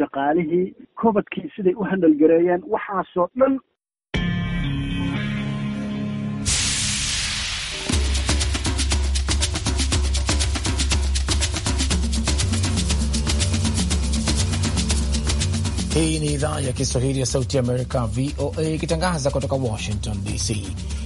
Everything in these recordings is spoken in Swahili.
shaqaalihii kobadkii siday u gareeyeen waxaasoo dhan Hii ni idhaa ya Kiswahili ya Sauti Amerika, VOA, ikitangaza kutoka Washington DC.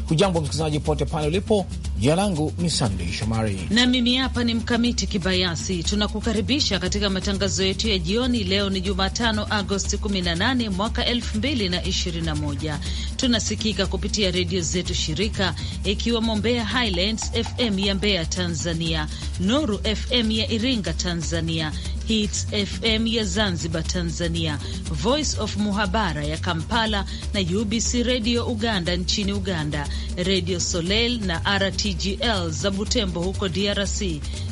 Hujambo msikilizaji pote pale ulipo Jina langu ni sandei Shomari na mimi hapa ni Mkamiti Kibayasi. Tunakukaribisha katika matangazo yetu ya jioni. Leo ni Jumatano, Agosti 18 mwaka 2021. Tunasikika kupitia redio zetu shirika, ikiwemo Mbeya Highlands FM ya Mbeya Tanzania, Nuru FM ya Iringa Tanzania, Hits FM ya Zanzibar Tanzania, Voice of Muhabara ya Kampala na UBC redio Uganda nchini Uganda, redio Soleil na RT TGL za Butembo huko DRC,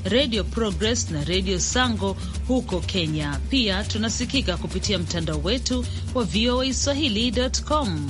Radio Progress na Radio Sango huko Kenya. Pia tunasikika kupitia mtandao wetu wa voaswahili.com.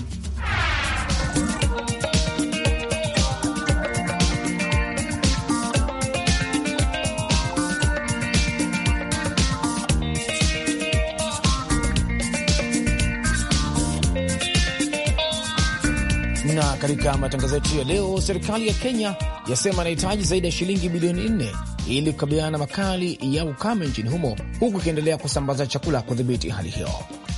katika matangazo yetu ya leo, serikali ya Kenya yasema inahitaji zaidi ya shilingi bilioni nne ili kukabiliana na makali ya ukame nchini humo, huku ikiendelea kusambaza chakula kudhibiti hali hiyo.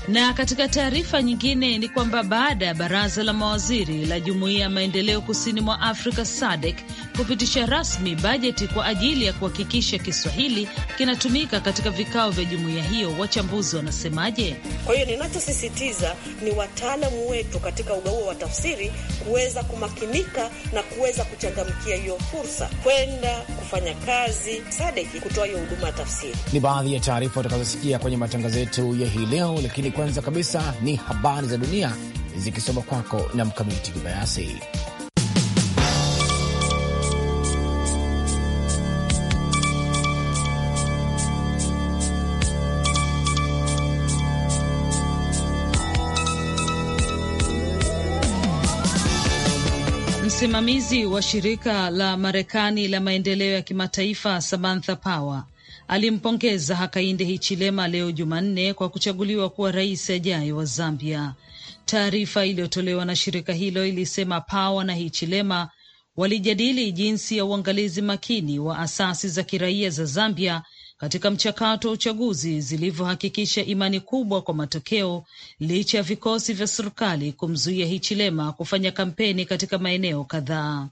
Na katika taarifa nyingine ni kwamba baada ya baraza la mawaziri la jumuiya ya maendeleo kusini mwa Afrika SADC kupitisha rasmi bajeti kwa ajili ya kuhakikisha Kiswahili kinatumika katika vikao vya jumuiya hiyo. Wachambuzi wanasemaje? Kwa hiyo ninachosisitiza ni wataalamu wetu katika ugauo wa tafsiri kuweza kumakinika na kuweza kuchangamkia hiyo fursa kwenda kufanya kazi Sadeki kutoa hiyo huduma ya tafsiri. Ni baadhi ya taarifa utakazosikia kwenye matangazo yetu ya hii leo, lakini kwanza kabisa ni habari za dunia zikisoma kwako na Mkamiti Kibayasi. Msimamizi wa shirika la Marekani la maendeleo ya kimataifa Samantha Power alimpongeza Hakainde Hichilema leo Jumanne kwa kuchaguliwa kuwa rais ajaye wa Zambia. Taarifa iliyotolewa na shirika hilo ilisema Power na Hichilema walijadili jinsi ya uangalizi makini wa asasi za kiraia za Zambia katika mchakato wa uchaguzi zilivyohakikisha imani kubwa kwa matokeo licha ya vikosi vya serikali kumzuia Hichilema kufanya kampeni katika maeneo kadhaa.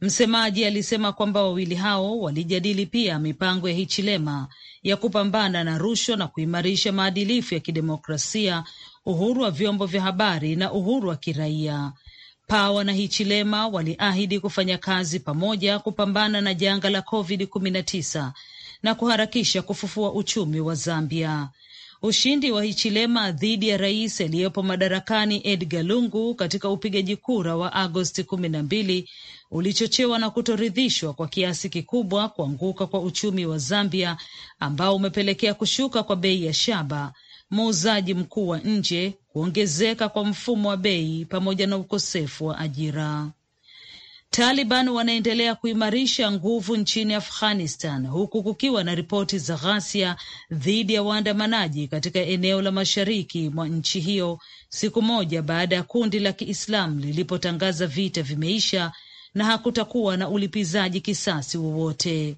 Msemaji alisema kwamba wawili hao walijadili pia mipango ya Hichilema ya kupambana na rushwa na kuimarisha maadilifu ya kidemokrasia, uhuru wa vyombo vya habari na uhuru wa kiraia. Pawa na Hichilema waliahidi kufanya kazi pamoja kupambana na janga la COVID-19 na kuharakisha kufufua uchumi wa Zambia. Ushindi wa Hichilema dhidi ya rais aliyepo madarakani Edgar Lungu katika upigaji kura wa Agosti kumi na mbili ulichochewa na kutoridhishwa kwa kiasi kikubwa kuanguka kwa uchumi wa Zambia ambao umepelekea kushuka kwa bei ya shaba, muuzaji mkuu wa nje, kuongezeka kwa mfumo wa bei pamoja na ukosefu wa ajira. Taliban wanaendelea kuimarisha nguvu nchini Afghanistan huku kukiwa na ripoti za ghasia dhidi ya waandamanaji katika eneo la mashariki mwa nchi hiyo, siku moja baada ya kundi la Kiislamu lilipotangaza vita vimeisha na hakutakuwa na ulipizaji kisasi wowote.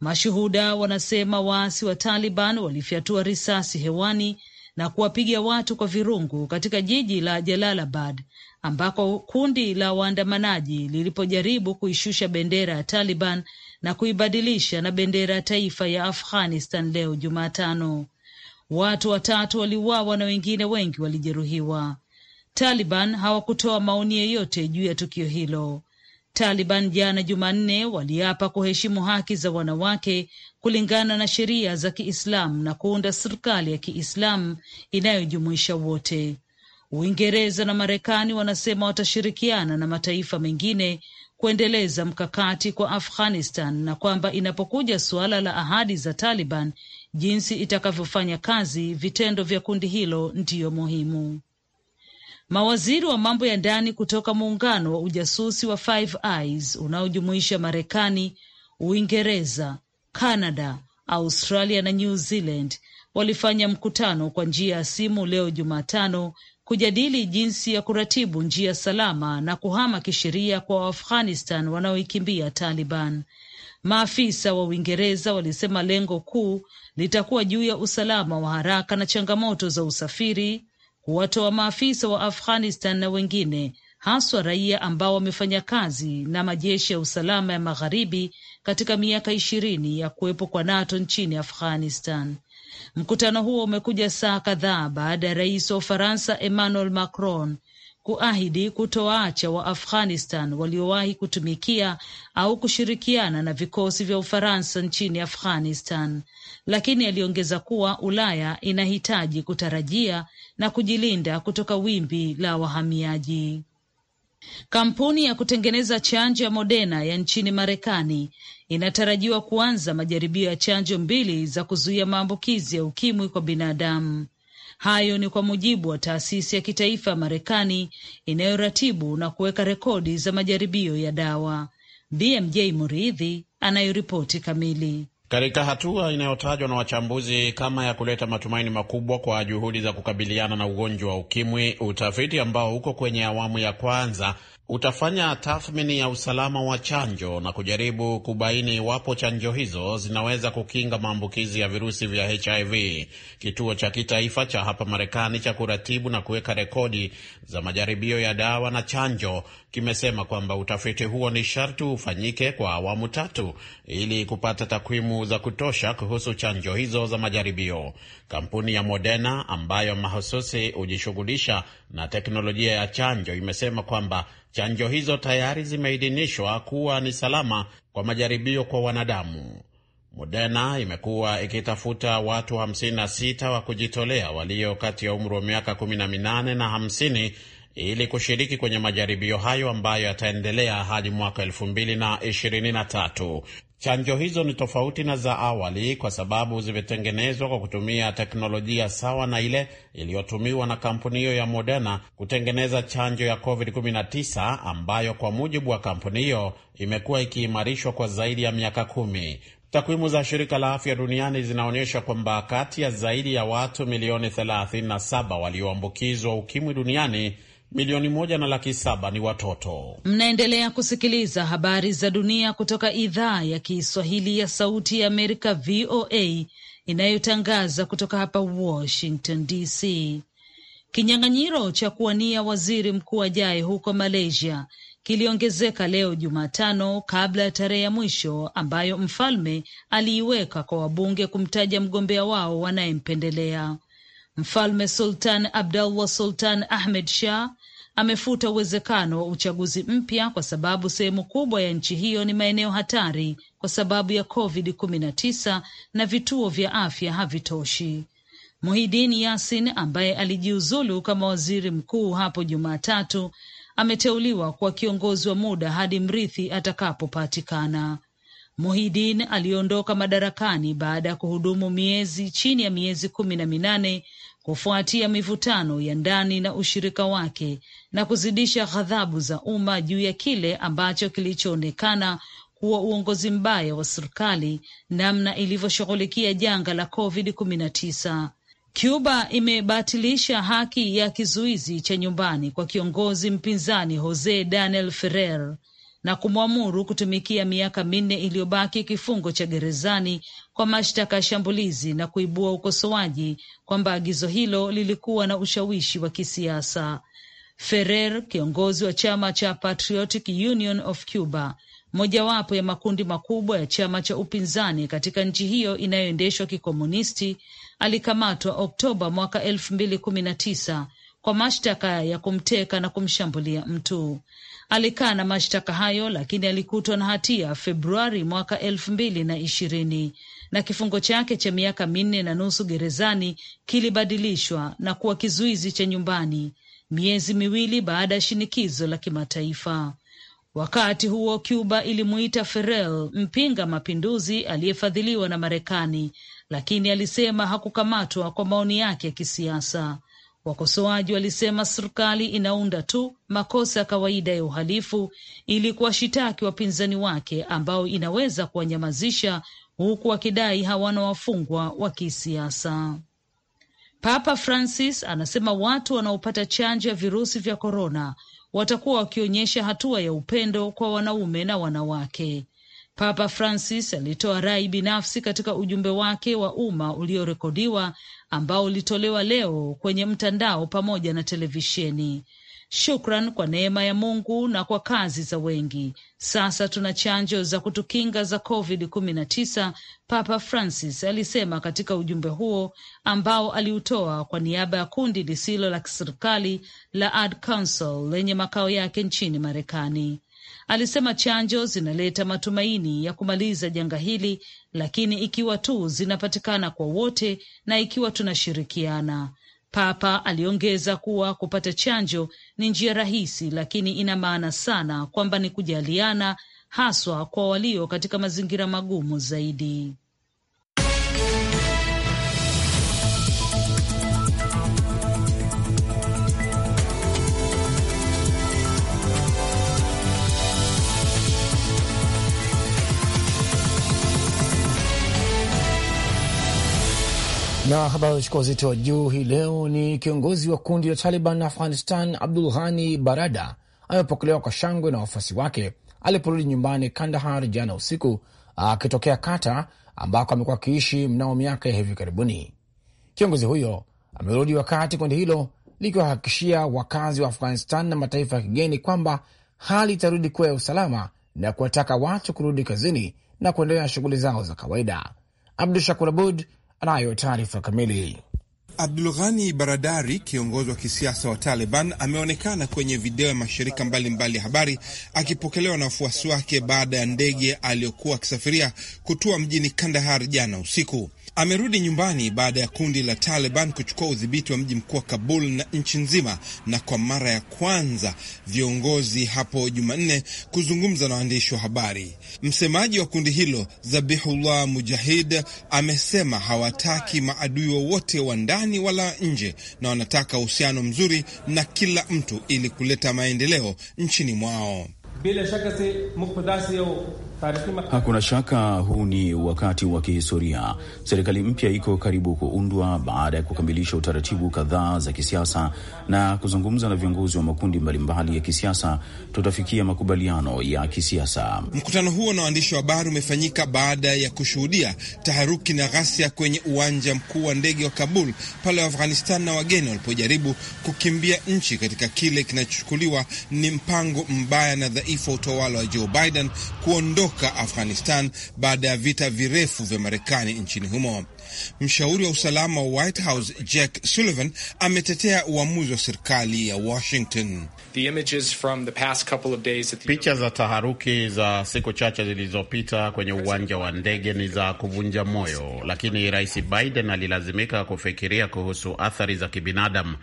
Mashuhuda wanasema waasi wa Taliban walifyatua risasi hewani na kuwapiga watu kwa virungu katika jiji la Jalalabad ambako kundi la waandamanaji lilipojaribu kuishusha bendera ya Taliban na kuibadilisha na bendera ya taifa ya Afghanistan leo Jumatano. Watu watatu waliuawa na wengine wengi walijeruhiwa. Taliban hawakutoa maoni yeyote juu ya tukio hilo. Taliban jana Jumanne waliapa kuheshimu haki za wanawake kulingana na sheria za Kiislamu na kuunda serikali ya Kiislamu inayojumuisha wote. Uingereza na Marekani wanasema watashirikiana na mataifa mengine kuendeleza mkakati kwa Afghanistan na kwamba inapokuja suala la ahadi za Taliban, jinsi itakavyofanya kazi, vitendo vya kundi hilo ndiyo muhimu. Mawaziri wa mambo ya ndani kutoka muungano wa ujasusi wa Five Eyes unaojumuisha Marekani, Uingereza, canada Australia na New Zealand walifanya mkutano kwa njia ya simu leo Jumatano kujadili jinsi ya kuratibu njia salama na kuhama kisheria kwa Waafghanistan wanaoikimbia Taliban. Maafisa wa Uingereza walisema lengo kuu litakuwa juu ya usalama wa haraka na changamoto za usafiri, kuwatoa maafisa wa Afghanistan na wengine haswa raia ambao wamefanya kazi na majeshi ya usalama ya magharibi katika miaka ishirini ya kuwepo kwa NATO nchini Afghanistan. Mkutano huo umekuja saa kadhaa baada ya rais wa Ufaransa Emmanuel Macron kuahidi kutoacha wa Afghanistan waliowahi kutumikia au kushirikiana na vikosi vya Ufaransa nchini Afghanistan, lakini aliongeza kuwa Ulaya inahitaji kutarajia na kujilinda kutoka wimbi la wahamiaji. Kampuni ya kutengeneza chanjo ya Moderna ya nchini Marekani inatarajiwa kuanza majaribio ya chanjo mbili za kuzuia maambukizi ya ukimwi kwa binadamu. Hayo ni kwa mujibu wa taasisi ya kitaifa ya Marekani inayoratibu na kuweka rekodi za majaribio ya dawa. BMJ Muridhi anayoripoti kamili katika hatua inayotajwa na wachambuzi kama ya kuleta matumaini makubwa kwa juhudi za kukabiliana na ugonjwa wa ukimwi, utafiti ambao uko kwenye awamu ya kwanza utafanya tathmini ya usalama wa chanjo na kujaribu kubaini iwapo chanjo hizo zinaweza kukinga maambukizi ya virusi vya HIV. Kituo cha kitaifa cha hapa Marekani cha kuratibu na kuweka rekodi za majaribio ya dawa na chanjo kimesema kwamba utafiti huo ni sharti ufanyike kwa awamu tatu ili kupata takwimu za kutosha kuhusu chanjo hizo za majaribio. Kampuni ya Moderna ambayo mahususi hujishughulisha na teknolojia ya chanjo imesema kwamba Chanjo hizo tayari zimeidhinishwa kuwa ni salama kwa majaribio kwa wanadamu. Moderna imekuwa ikitafuta watu 56 wa kujitolea walio kati ya umri wa miaka 18 na 50 ili kushiriki kwenye majaribio hayo ambayo yataendelea hadi mwaka 2023. Chanjo hizo ni tofauti na za awali kwa sababu zimetengenezwa kwa kutumia teknolojia sawa na ile iliyotumiwa na kampuni hiyo ya Moderna kutengeneza chanjo ya COVID-19 ambayo kwa mujibu wa kampuni hiyo imekuwa ikiimarishwa kwa zaidi ya miaka kumi. Takwimu za shirika la afya duniani zinaonyesha kwamba kati ya zaidi ya watu milioni 37 walioambukizwa ukimwi duniani milioni moja na laki saba ni watoto. Mnaendelea kusikiliza habari za dunia kutoka idhaa ya Kiswahili ya Sauti ya Amerika, VOA, inayotangaza kutoka hapa Washington DC. Kinyang'anyiro cha kuwania waziri mkuu ajaye huko Malaysia kiliongezeka leo Jumatano kabla ya tarehe ya mwisho ambayo mfalme aliiweka kwa wabunge kumtaja mgombea wao wanayempendelea. Mfalme Sultan Abdallah Sultan Ahmed Shah amefuta uwezekano wa uchaguzi mpya kwa sababu sehemu kubwa ya nchi hiyo ni maeneo hatari kwa sababu ya COVID-19 na vituo vya afya havitoshi. Muhidin Yasin ambaye alijiuzulu kama waziri mkuu hapo Jumatatu ameteuliwa kuwa kiongozi wa muda hadi mrithi atakapopatikana. Muhidin aliondoka madarakani baada ya kuhudumu miezi chini ya miezi kumi na minane kufuatia mivutano ya ndani na ushirika wake na kuzidisha ghadhabu za umma juu ya kile ambacho kilichoonekana kuwa uongozi mbaya wa serikali namna ilivyoshughulikia janga la COVID-19. Cuba imebatilisha haki ya kizuizi cha nyumbani kwa kiongozi mpinzani Jose Daniel Ferrer na kumwamuru kutumikia miaka minne iliyobaki kifungo cha gerezani kwa mashtaka ya shambulizi na kuibua ukosoaji kwamba agizo hilo lilikuwa na ushawishi wa kisiasa. Ferrer, kiongozi wa chama cha Patriotic Union of Cuba, mojawapo ya makundi makubwa ya chama cha upinzani katika nchi hiyo inayoendeshwa kikomunisti, alikamatwa Oktoba mwaka elfu mbili kumi na tisa kwa mashtaka ya kumteka na kumshambulia mtu. Alikaa na mashtaka hayo, lakini alikutwa na hatia Februari mwaka elfu mbili na ishirini na kifungo chake cha miaka minne na nusu gerezani kilibadilishwa na kuwa kizuizi cha nyumbani miezi miwili baada ya shinikizo la kimataifa. Wakati huo Cuba ilimuita ferel mpinga mapinduzi aliyefadhiliwa na Marekani, lakini alisema hakukamatwa kwa maoni yake ya kisiasa. Wakosoaji walisema serikali inaunda tu makosa ya kawaida ya uhalifu ili kuwashitaki wapinzani wake ambao inaweza kuwanyamazisha huku wakidai hawana wafungwa wa kisiasa. Papa Francis anasema watu wanaopata chanjo ya virusi vya korona watakuwa wakionyesha hatua ya upendo kwa wanaume na wanawake. Papa Francis alitoa rai binafsi katika ujumbe wake wa umma uliorekodiwa ambao ulitolewa leo kwenye mtandao pamoja na televisheni. Shukran kwa neema ya Mungu na kwa kazi za wengi, sasa tuna chanjo za kutukinga za COVID-19, Papa Francis alisema katika ujumbe huo ambao aliutoa kwa niaba ya kundi lisilo la kiserikali la Ad Council lenye makao yake nchini Marekani. Alisema chanjo zinaleta matumaini ya kumaliza janga hili, lakini ikiwa tu zinapatikana kwa wote na ikiwa tunashirikiana. Papa aliongeza kuwa kupata chanjo ni njia rahisi, lakini ina maana sana kwamba ni kujaliana, haswa kwa walio katika mazingira magumu zaidi. Na habari uchukua uzito wa juu hii leo ni kiongozi wa kundi la Taliban Afghanistan, Abdul Ghani Barada amepokelewa kwa shangwe na wafuasi wake aliporudi nyumbani Kandahar jana usiku akitokea Kata ambako amekuwa akiishi mnao miaka ya hivi karibuni. Kiongozi huyo amerudi wakati kundi hilo likiwahakikishia wakazi wa Afghanistan na mataifa ya kigeni kwamba hali itarudi kuwa ya usalama na kuwataka watu kurudi kazini na kuendelea shughuli zao za kawaida. Abdu Shakur Abud anayo taarifa kamili. abdul ghani Baradari, kiongozi wa kisiasa wa Taliban, ameonekana kwenye video ya mashirika mbalimbali ya mbali habari akipokelewa na wafuasi wake baada ya ndege aliyokuwa akisafiria kutua mjini Kandahar jana usiku. Amerudi nyumbani baada ya kundi la Taliban kuchukua udhibiti wa mji mkuu wa Kabul na nchi nzima, na kwa mara ya kwanza viongozi hapo Jumanne kuzungumza na waandishi wa habari. Msemaji wa kundi hilo Zabihullah Mujahid amesema hawataki maadui wowote wa ndani wala nje, na wanataka uhusiano mzuri na kila mtu ili kuleta maendeleo nchini mwao. bila shaka se Hakuna shaka huu ni wakati wa kihistoria. Serikali mpya iko karibu kuundwa baada ya kukamilisha utaratibu kadhaa za kisiasa na kuzungumza na viongozi wa makundi mbalimbali ya kisiasa, tutafikia makubaliano ya kisiasa. Mkutano huo na waandishi wa habari umefanyika baada ya kushuhudia taharuki na ghasia kwenye uwanja mkuu wa ndege wa Kabul pale Afghanistan na wageni walipojaribu kukimbia nchi katika kile kinachochukuliwa ni mpango mbaya na dhaifu wa utawala wa Joe Biden kuondoka kutoka Afghanistan baada ya vita virefu vya Marekani nchini humo. Mshauri wa usalama wa White House Jack Sullivan ametetea uamuzi wa serikali ya Washington. Picha za taharuki za siku chache zilizopita kwenye uwanja wa ndege ni za kuvunja moyo, lakini Rais Biden alilazimika kufikiria kuhusu athari za kibinadamu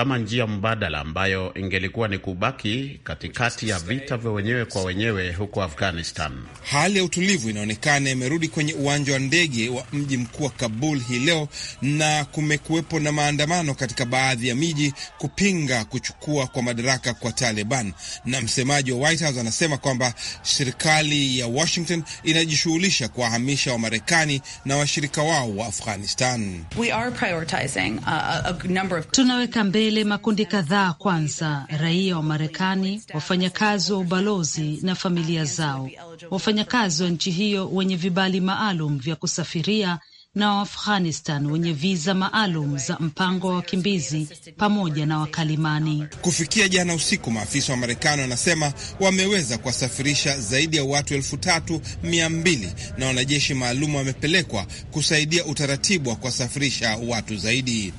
kama njia mbadala ambayo ingelikuwa ni kubaki katikati ya vita vya wenyewe kwa wenyewe huko Afghanistan. Hali ya utulivu inaonekana imerudi kwenye uwanja wa ndege wa mji mkuu wa Kabul hii leo, na kumekuwepo na maandamano katika baadhi ya miji kupinga kuchukua kwa madaraka kwa Taliban, na msemaji wa White House anasema kwamba serikali ya Washington inajishughulisha kuwahamisha Wamarekani na washirika wao wa Afghanistan. We are prioritizing uh, a, a number of... tunaweka mbele mbele makundi kadhaa kwanza: raia wa Marekani, wafanyakazi wa ubalozi na familia zao, wafanyakazi wa nchi hiyo wenye vibali maalum vya kusafiria na Waafghanistan wenye viza maalum za mpango wa wakimbizi pamoja na wakalimani. Kufikia jana usiku, maafisa wa Marekani wanasema wameweza kuwasafirisha zaidi ya watu elfu tatu mia mbili na wanajeshi maalum wamepelekwa kusaidia utaratibu wa kuwasafirisha watu zaidi.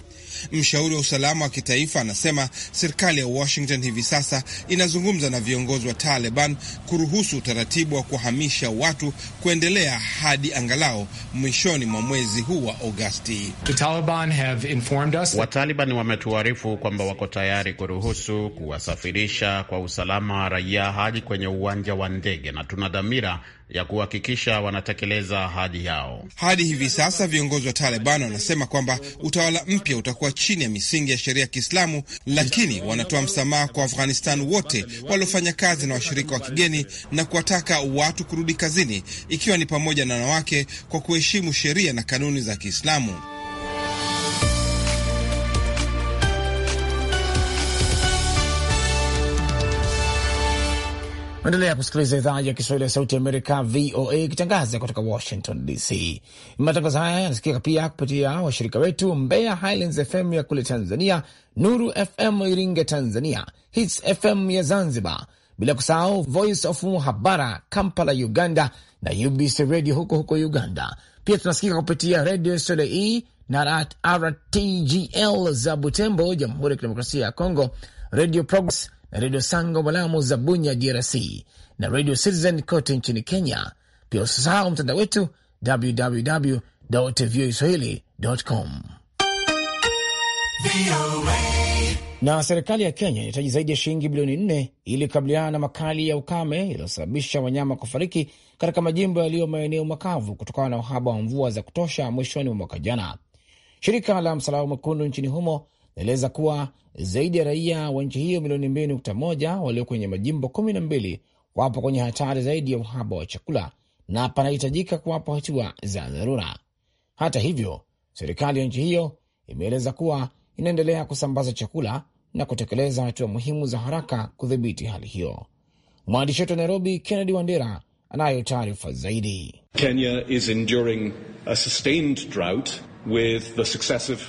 Mshauri wa usalama wa kitaifa anasema serikali ya Washington hivi sasa inazungumza na viongozi wa Taliban kuruhusu utaratibu wa kuhamisha watu kuendelea hadi angalau mwishoni mwa mwezi huu wa Agosti. Wataliban wametuarifu kwamba wako tayari kuruhusu kuwasafirisha kwa usalama wa raia hadi kwenye uwanja wa ndege na tuna dhamira ya kuhakikisha wanatekeleza ahadi yao. Hadi hivi sasa viongozi wa Taliban wanasema kwamba utawala mpya utakuwa chini ya misingi ya sheria ya Kiislamu, lakini wanatoa msamaha kwa Afghanistan wote waliofanya kazi na washirika wa kigeni na kuwataka watu kurudi kazini, ikiwa ni pamoja na wanawake, kwa kuheshimu sheria na kanuni za Kiislamu. Endelea kusikiliza idhaa ya Kiswahili ya Sauti Amerika, VOA, ikitangaza kutoka Washington DC. Matangazo haya yanasikika pia kupitia washirika wetu Mbeya Highlands FM ya kule Tanzania, Nuru FM Iringa Tanzania, Hits FM ya Zanzibar, bila kusahau Voice of Muhabara Kampala Uganda na UBC Radio huko huko Uganda. Pia tunasikika kupitia Radio Soleil e na RTGL za Butembo, Jamhuri ya Kidemokrasia ya Kongo, Radio Progress na redio Sango Malamu za Bunya, DRC, na redio Citizen kote nchini Kenya. Pia usisahau mtandao wetu www Na serikali ya Kenya inahitaji zaidi ya shilingi bilioni nne ili kukabiliana na makali ya ukame yaliyosababisha wanyama kufariki katika majimbo yaliyo maeneo makavu kutokana na uhaba wa mvua za kutosha mwishoni mwa mwaka jana. Shirika la Msalaba Mwekundu nchini humo inaeleza kuwa zaidi ya raia wa nchi hiyo milioni 2.1 walio kwenye majimbo 12 wapo kwenye hatari zaidi ya uhaba wa chakula na panahitajika kuwapo hatua za dharura. Hata hivyo, serikali ya nchi hiyo imeeleza kuwa inaendelea kusambaza chakula na kutekeleza hatua muhimu za haraka kudhibiti hali hiyo. Mwandishi wetu wa Nairobi, Kennedy Wandera, anayo taarifa zaidi. Kenya is enduring a sustained drought with the successive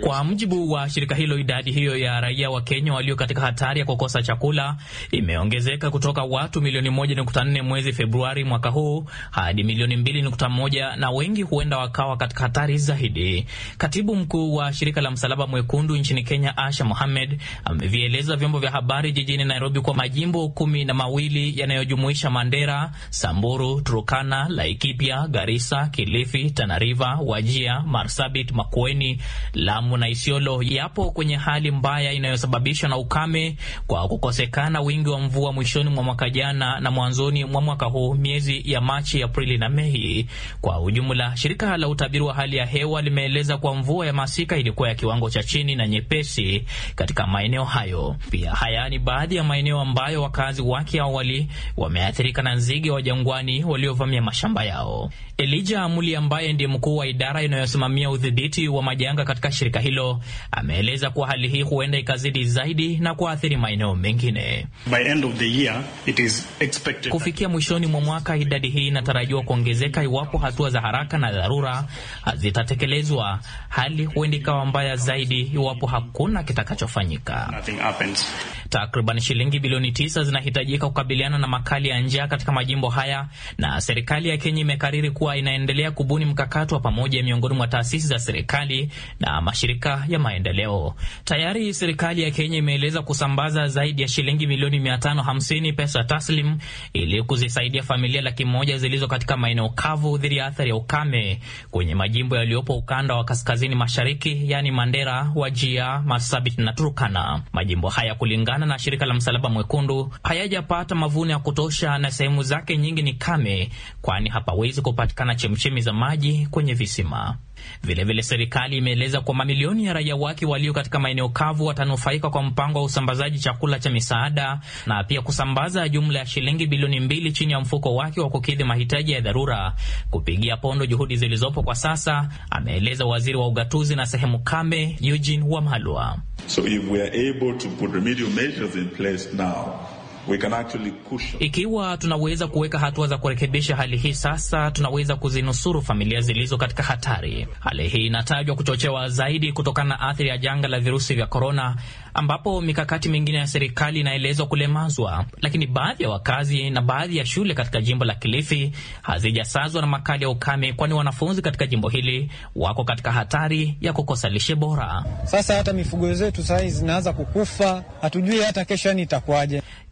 kwa mujibu wa shirika hilo, idadi hiyo ya raia wa Kenya walio katika hatari ya kukosa chakula imeongezeka kutoka watu milioni 1.4 mwezi Februari mwaka huu hadi milioni 2.1, na wengi huenda wakawa katika hatari zaidi. Katibu mkuu wa shirika la Msalaba Mwekundu nchini Kenya, Asha Mohamed, amevieleza vyombo vya habari jijini Nairobi kwa majimbo kumi na mawili yanayojumuisha Mandera, Samburu, Turkana, Laikipia, Garissa, Kilifi, Tanariva, Wajia, Marsabit, Makueni, Lamu na Isiolo yapo kwenye hali mbaya inayosababishwa na ukame kwa kukosekana wingi wa mvua mwishoni mwa mwaka jana na mwanzoni mwa mwaka huu, miezi ya Machi, Aprili na Mei. Kwa ujumla, shirika la utabiri wa hali ya hewa limeeleza kuwa mvua ya masika ilikuwa ya kiwango cha chini na nyepesi katika maeneo hayo. Pia haya ni baadhi ya maeneo ambayo wakazi wake awali wameathirika na nzige wa jangwani waliovamia mashamba yao. Elija Amuli ambaye ndiye mkuu wa idara inayosimamia udhibiti wa majanga katika shirika hilo ameeleza kuwa hali hii huenda ikazidi zaidi na kuathiri maeneo mengine. Kufikia mwishoni mwa mwaka, idadi hii inatarajiwa kuongezeka iwapo hatua za haraka na dharura hazitatekelezwa. Hali huenda ikawa mbaya zaidi iwapo hakuna kitakachofanyika. Takriban shilingi bilioni tisa zinahitajika kukabiliana na makali ya njaa katika majimbo haya, na serikali ya Kenya imekariri kuwa inaendelea kubuni mkakati wa pamoja miongoni mwa taasisi za serikali na mashirika ya maendeleo. Tayari serikali ya Kenya imeeleza kusambaza zaidi ya shilingi milioni 550 pesa taslim ili kuzisaidia familia laki moja zilizo katika maeneo kavu dhidi ya athari ya ukame kwenye majimbo yaliyopo ukanda wa kaskazini mashariki, yani Mandera, Wajia, Masabit na Turkana. Majimbo haya kulingana na shirika la Msalaba Mwekundu hayajapata mavuno ya kutosha na sehemu zake nyingi ni kame, kwani hapawezi kupatikana chemchemi za maji kwenye visima. Vilevile, serikali imeeleza kuwa mamilioni ya raia wake walio katika maeneo kavu watanufaika kwa mpango wa usambazaji chakula cha misaada na pia kusambaza jumla ya shilingi bilioni mbili chini ya mfuko wake wa kukidhi mahitaji ya dharura kupigia pondo juhudi zilizopo kwa sasa, ameeleza waziri wa ugatuzi na sehemu kame Eugene Wamalwa. So if we are able to put remedial measures in place now We can actually cushion. Ikiwa tunaweza kuweka hatua za kurekebisha hali hii sasa, tunaweza kuzinusuru familia zilizo katika hatari. Hali hii inatajwa kuchochewa zaidi kutokana na athari ya janga la virusi vya korona, ambapo mikakati mingine ya serikali inaelezwa kulemazwa. Lakini baadhi ya wakazi na baadhi ya shule katika jimbo la Kilifi hazijasazwa na makali ya ukame, kwani wanafunzi katika jimbo hili wako katika hatari ya kukosa lishe bora. Sasa hata mifugo zetu sahii zinaanza kukufa, hatujui hata kesho yani itakuwaje.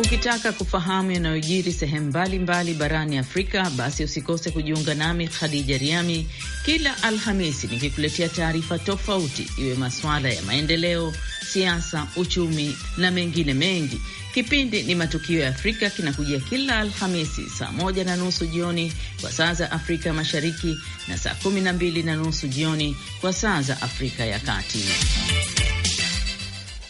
Ukitaka kufahamu yanayojiri sehemu mbalimbali barani Afrika, basi usikose kujiunga nami Khadija Riami kila Alhamisi nikikuletea taarifa tofauti, iwe masuala ya maendeleo, siasa, uchumi na mengine mengi. Kipindi ni Matukio ya Afrika kinakujia kila Alhamisi saa moja na nusu jioni kwa saa za Afrika Mashariki na saa kumi na mbili na nusu jioni kwa saa za Afrika ya Kati.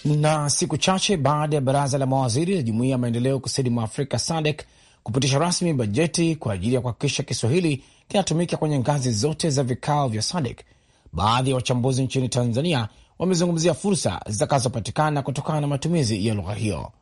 Na siku chache baada ya baraza la mawaziri la jumuiya ya maendeleo kusini mwa Afrika SADC kupitisha rasmi bajeti kwa ajili ya kuhakikisha Kiswahili kinatumika kwenye ngazi zote za vikao vya SADC, baadhi ya wachambuzi nchini Tanzania wamezungumzia fursa zitakazopatikana kutokana na matumizi ya lugha hiyo.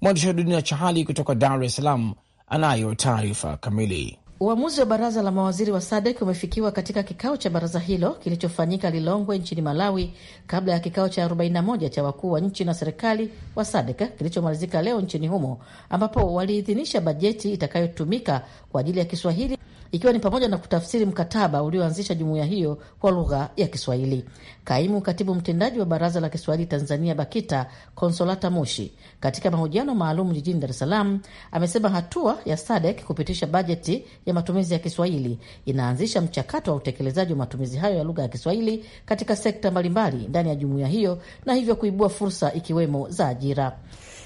Mwandishi wa Dunia Chahali kutoka Dar es Salaam anayo taarifa kamili. Uamuzi wa baraza la mawaziri wa SADC umefikiwa katika kikao cha baraza hilo kilichofanyika Lilongwe nchini Malawi, kabla ya kikao cha 41 cha wakuu wa nchi na serikali wa SADC kilichomalizika leo nchini humo, ambapo waliidhinisha bajeti itakayotumika kwa ajili ya Kiswahili ikiwa ni pamoja na kutafsiri mkataba ulioanzisha jumuiya hiyo kwa lugha ya Kiswahili. Kaimu katibu mtendaji wa Baraza la Kiswahili Tanzania BAKITA Konsolata Mushi, katika mahojiano maalum jijini Dar es Salaam, amesema hatua ya SADEK kupitisha bajeti ya matumizi ya Kiswahili inaanzisha mchakato wa utekelezaji wa matumizi hayo ya lugha ya Kiswahili katika sekta mbalimbali ndani ya jumuiya hiyo na hivyo kuibua fursa ikiwemo za ajira.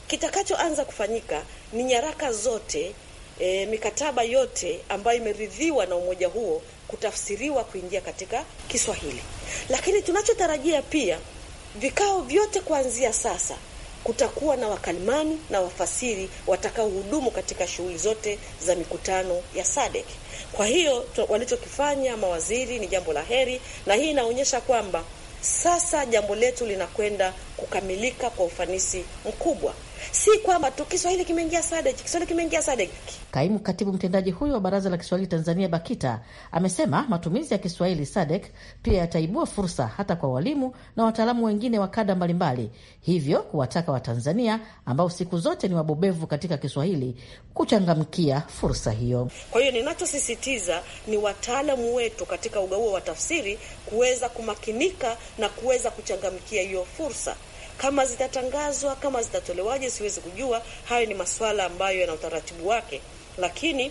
Kitakachoanza kufanyika ni nyaraka zote e, mikataba yote ambayo imeridhiwa na umoja huo kutafsiriwa kuingia katika Kiswahili. Lakini tunachotarajia pia, vikao vyote kuanzia sasa kutakuwa na wakalimani na wafasiri watakaohudumu katika shughuli zote za mikutano ya SADC. Kwa hiyo walichokifanya mawaziri ni jambo la heri, na hii inaonyesha kwamba sasa jambo letu linakwenda kukamilika kwa ufanisi mkubwa si kwamba tu Kiswahili kimeingia Sadek, Kiswahili kimeingia Sadek. Kaimu katibu mtendaji huyo wa Baraza la Kiswahili Tanzania BAKITA amesema matumizi ya Kiswahili Sadek pia yataibua fursa hata kwa walimu na wataalamu wengine wa kada mbalimbali, hivyo kuwataka Watanzania ambao siku zote ni wabobevu katika Kiswahili kuchangamkia fursa hiyo. Kwa hiyo ninachosisitiza ni wataalamu wetu katika uga huo wa tafsiri kuweza kumakinika na kuweza kuchangamkia hiyo fursa. Kama zitatangazwa kama zitatolewaje, siwezi kujua. Hayo ni masuala ambayo yana utaratibu wake, lakini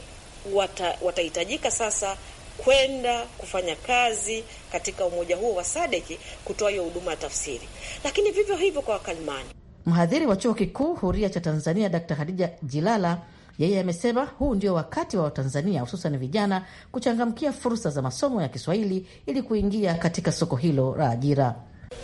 wata, watahitajika sasa kwenda kufanya kazi katika umoja huo wa Sadeki kutoa hiyo huduma ya tafsiri, lakini vivyo hivyo kwa wakalimani. Mhadhiri wa chuo kikuu huria cha Tanzania d hadija Jilala yeye amesema huu ndio wakati wa Watanzania hususan vijana kuchangamkia fursa za masomo ya Kiswahili ili kuingia katika soko hilo la ajira.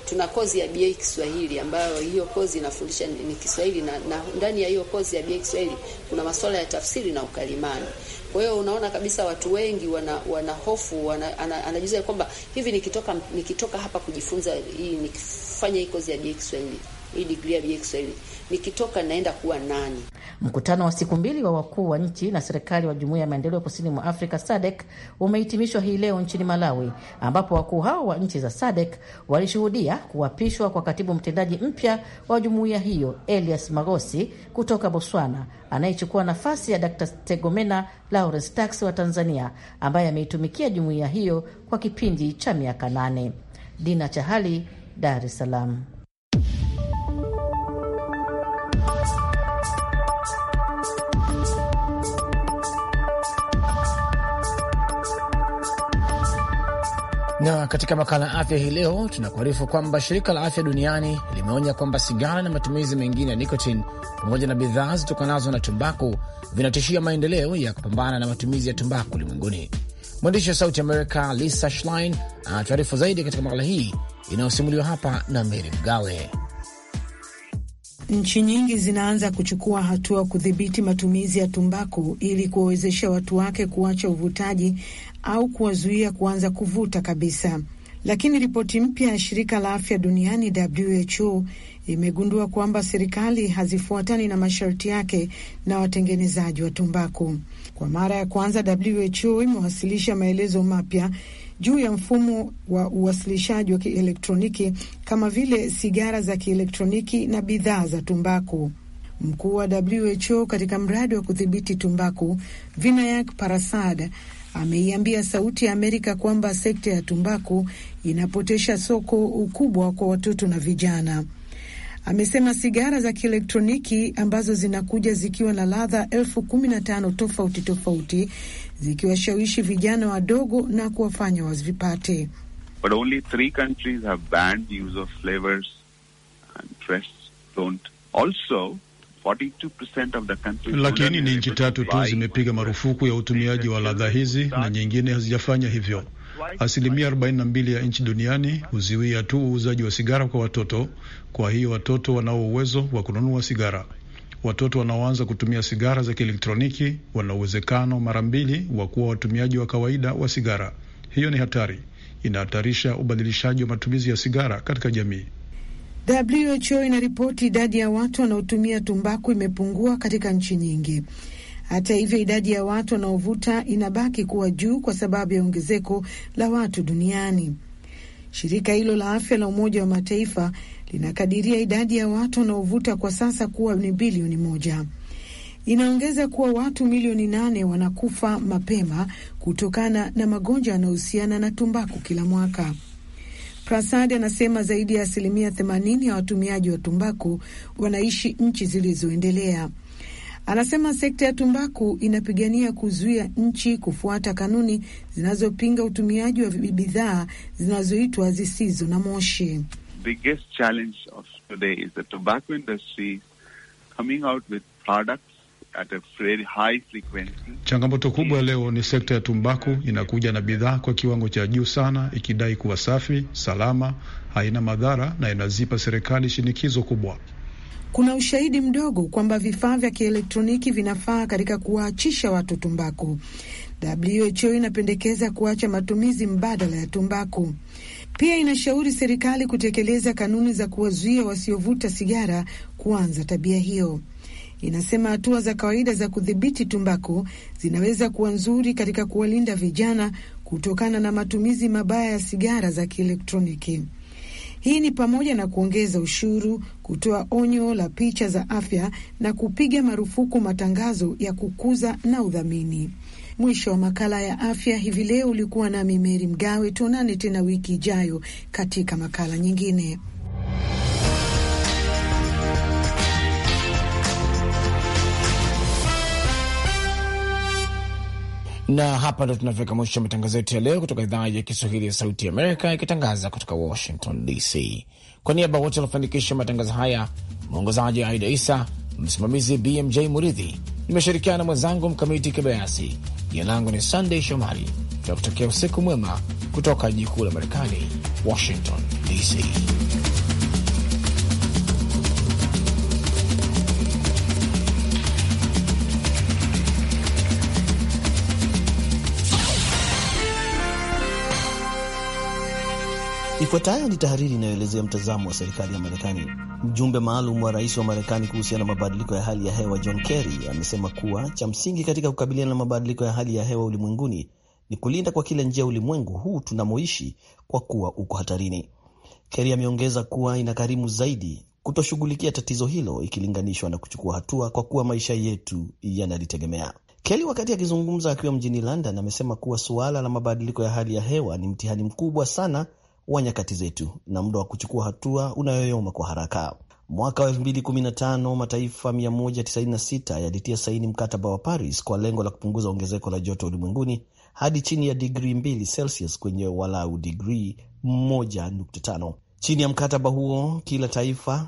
Tuna kozi ya BA Kiswahili ambayo hiyo kozi inafundisha ni Kiswahili na, na ndani ya hiyo kozi ya BA Kiswahili kuna masuala ya tafsiri na ukalimani. Kwa hiyo unaona kabisa watu wengi wana, wana hofu wana, ana, anajuza kwamba hivi nikitoka nikitoka hapa kujifunza hii nikifanya hii kozi ya BA Kiswahili hii digrii ya BA Kiswahili, nikitoka naenda kuwa nani? Mkutano wa siku mbili wa wakuu wa nchi na serikali wa Jumuiya ya Maendeleo ya Kusini mwa Afrika sadek umehitimishwa hii leo nchini Malawi, ambapo wakuu hao wa nchi za sadek walishuhudia kuapishwa kwa katibu mtendaji mpya wa jumuiya hiyo Elias Magosi kutoka Botswana, anayechukua nafasi ya Dr. Stegomena Lawrence Tax wa Tanzania, ambaye ameitumikia jumuiya hiyo kwa kipindi cha miaka nane. Dina Chahali, Dar es Salaam. Na katika makala ya afya hii leo tunakuarifu kwamba shirika la afya duniani limeonya kwamba sigara na matumizi mengine ya nikotini pamoja na bidhaa zitokanazo na tumbaku vinatishia maendeleo ya kupambana na matumizi ya tumbaku ulimwenguni. Mwandishi wa Sauti Amerika Lisa Schlein anatuarifu zaidi katika makala hii inayosimuliwa hapa na Meri Mgawe. Nchi nyingi zinaanza kuchukua hatua kudhibiti matumizi ya tumbaku ili kuwawezesha watu wake kuacha uvutaji au kuwazuia kuanza kuvuta kabisa. Lakini ripoti mpya ya shirika la afya duniani WHO imegundua kwamba serikali hazifuatani na masharti yake na watengenezaji wa tumbaku. Kwa mara ya kwanza, WHO imewasilisha maelezo mapya juu ya mfumo wa uwasilishaji wa kielektroniki kama vile sigara za kielektroniki na bidhaa za tumbaku. Mkuu wa WHO katika mradi wa kudhibiti tumbaku Vinayak Parasad ameiambia Sauti ya Amerika kwamba sekta ya tumbaku inapotesha soko ukubwa kwa watoto na vijana. Amesema sigara za kielektroniki ambazo zinakuja zikiwa na ladha elfu kumi na tano tofauti tofauti zikiwashawishi vijana wadogo na kuwafanya wazipate lakini ni nchi tatu tu zimepiga marufuku ya utumiaji wa ladha hizi na nyingine hazijafanya hivyo. Asilimia 42 ya nchi duniani huziwia tu uuzaji wa sigara kwa watoto. Kwa hiyo watoto wanao uwezo wa kununua sigara. Watoto wanaoanza kutumia sigara za kielektroniki wana uwezekano mara mbili wa kuwa watumiaji wa kawaida wa sigara. Hiyo ni hatari, inahatarisha ubadilishaji wa matumizi ya sigara katika jamii. WHO inaripoti idadi ya watu wanaotumia tumbaku imepungua katika nchi nyingi. Hata hivyo, idadi ya watu wanaovuta inabaki kuwa juu kwa sababu ya ongezeko la watu duniani. Shirika hilo la afya la Umoja wa Mataifa linakadiria idadi ya watu wanaovuta kwa sasa kuwa ni bilioni moja. Inaongeza kuwa watu milioni nane wanakufa mapema kutokana na magonjwa yanayohusiana na tumbaku kila mwaka. Prasad anasema zaidi ya asilimia themanini ya watumiaji wa tumbaku wanaishi nchi zilizoendelea. Anasema sekta ya tumbaku inapigania kuzuia nchi kufuata kanuni zinazopinga utumiaji wa bidhaa zinazoitwa zisizo na moshi. Biggest challenge of today is the tobacco industry coming out with products at a very high frequency. Changamoto kubwa leo ni sekta ya tumbaku inakuja na bidhaa kwa kiwango cha juu sana, ikidai kuwa safi, salama, haina madhara na inazipa serikali shinikizo kubwa. Kuna ushahidi mdogo kwamba vifaa vya kielektroniki vinafaa katika kuwaachisha watu tumbaku. WHO inapendekeza kuacha matumizi mbadala ya tumbaku. Pia inashauri serikali kutekeleza kanuni za kuwazuia wasiovuta sigara kuanza tabia hiyo inasema hatua za kawaida za kudhibiti tumbaku zinaweza kuwa nzuri katika kuwalinda vijana kutokana na matumizi mabaya ya sigara za kielektroniki. Hii ni pamoja na kuongeza ushuru, kutoa onyo la picha za afya na kupiga marufuku matangazo ya kukuza na udhamini. Mwisho wa makala ya afya hivi leo. Ulikuwa nami Meri Mgawe. Tuonane tena wiki ijayo katika makala nyingine. Na hapa ndo tunafika mwisho wa matangazo yetu ya leo kutoka idhaa ya Kiswahili ya Sauti Amerika, ikitangaza kutoka Washington DC. Kwa niaba wote waliofanikisha matangazo haya, mwongozaji Aida Isa, msimamizi BMJ Muridhi, nimeshirikiana na mwenzangu Mkamiti Kibayasi. Jina langu ni Sandey Shomari. Tunakutokea usiku mwema kutoka jiji kuu la Marekani, Washington DC. Ifuatayo ni tahariri inayoelezea mtazamo wa serikali ya Marekani. Mjumbe maalum wa rais wa Marekani kuhusiana na mabadiliko ya hali ya hewa John Kerry amesema kuwa cha msingi katika kukabiliana na mabadiliko ya hali ya hewa ulimwenguni ni kulinda kwa kila njia ulimwengu huu tunamoishi kwa kuwa uko hatarini. Kerry ameongeza kuwa inakarimu zaidi kutoshughulikia tatizo hilo ikilinganishwa na kuchukua hatua kwa kuwa maisha yetu yanalitegemea. Kelly wakati akizungumza akiwa mjini London amesema kuwa suala la mabadiliko ya hali ya hewa ni mtihani mkubwa sana wa nyakati zetu na muda wa kuchukua hatua unayoyoma kwa haraka. Mwaka wa 2015 mataifa 196 yalitia saini mkataba wa Paris kwa lengo la kupunguza ongezeko la joto ulimwenguni hadi chini ya digrii 2 Celsius kwenye walau digrii 1.5. Chini ya mkataba huo, kila taifa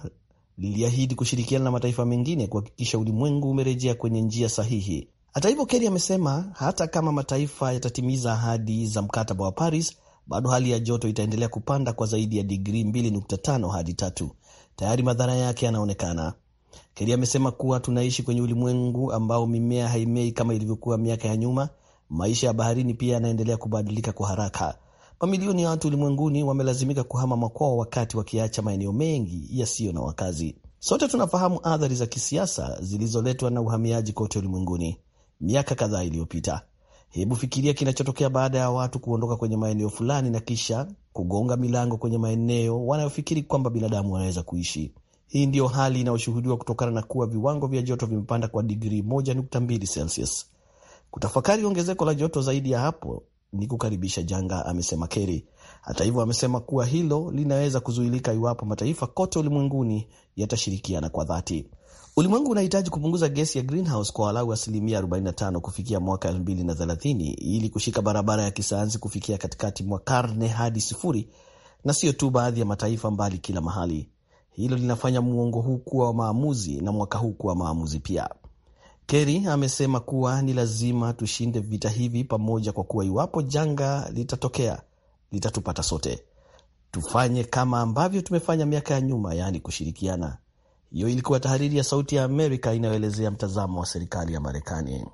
liliahidi kushirikiana na mataifa mengine kuhakikisha ulimwengu umerejea kwenye njia sahihi. Hata hivyo, Kerry amesema hata kama mataifa yatatimiza ahadi za mkataba wa Paris bado hali ya joto itaendelea kupanda kwa zaidi ya digrii 2.5 hadi tatu. Tayari madhara yake yanaonekana. Keri amesema kuwa tunaishi kwenye ulimwengu ambao mimea haimei kama ilivyokuwa miaka ya nyuma. Maisha ya baharini pia yanaendelea kubadilika kwa haraka. Mamilioni ya watu ulimwenguni wamelazimika kuhama makwao, wakati wakiacha maeneo mengi yasiyo na wakazi. Sote tunafahamu athari za kisiasa zilizoletwa na uhamiaji kote ulimwenguni miaka kadhaa iliyopita. Hebu fikiria kinachotokea baada ya watu kuondoka kwenye maeneo fulani na kisha kugonga milango kwenye maeneo wanayofikiri kwamba binadamu wanaweza kuishi. Hii ndiyo hali inayoshuhudiwa kutokana na kuwa viwango vya joto vimepanda kwa digrii 1.2 Celsius. Kutafakari ongezeko la joto zaidi ya hapo ni kukaribisha janga, amesema Kerry. Hata hivyo, amesema kuwa hilo linaweza kuzuilika iwapo mataifa kote ulimwenguni yatashirikiana kwa dhati. Ulimwengu unahitaji kupunguza gesi ya greenhouse kwa walau asilimia 45 kufikia mwaka 2030 ili kushika barabara ya kisayansi kufikia katikati mwa karne hadi sifuri, na sio tu baadhi ya mataifa, mbali kila mahali. Hilo linafanya muongo huu kuwa wa maamuzi na mwaka huu kuwa maamuzi pia. Kerry amesema kuwa ni lazima tushinde vita hivi pamoja, kwa kuwa iwapo janga litatokea litatupata sote. Tufanye kama ambavyo tumefanya miaka ya nyuma, yaani kushirikiana hiyo ilikuwa tahariri ya Sauti ya Amerika inayoelezea mtazamo wa serikali ya Marekani.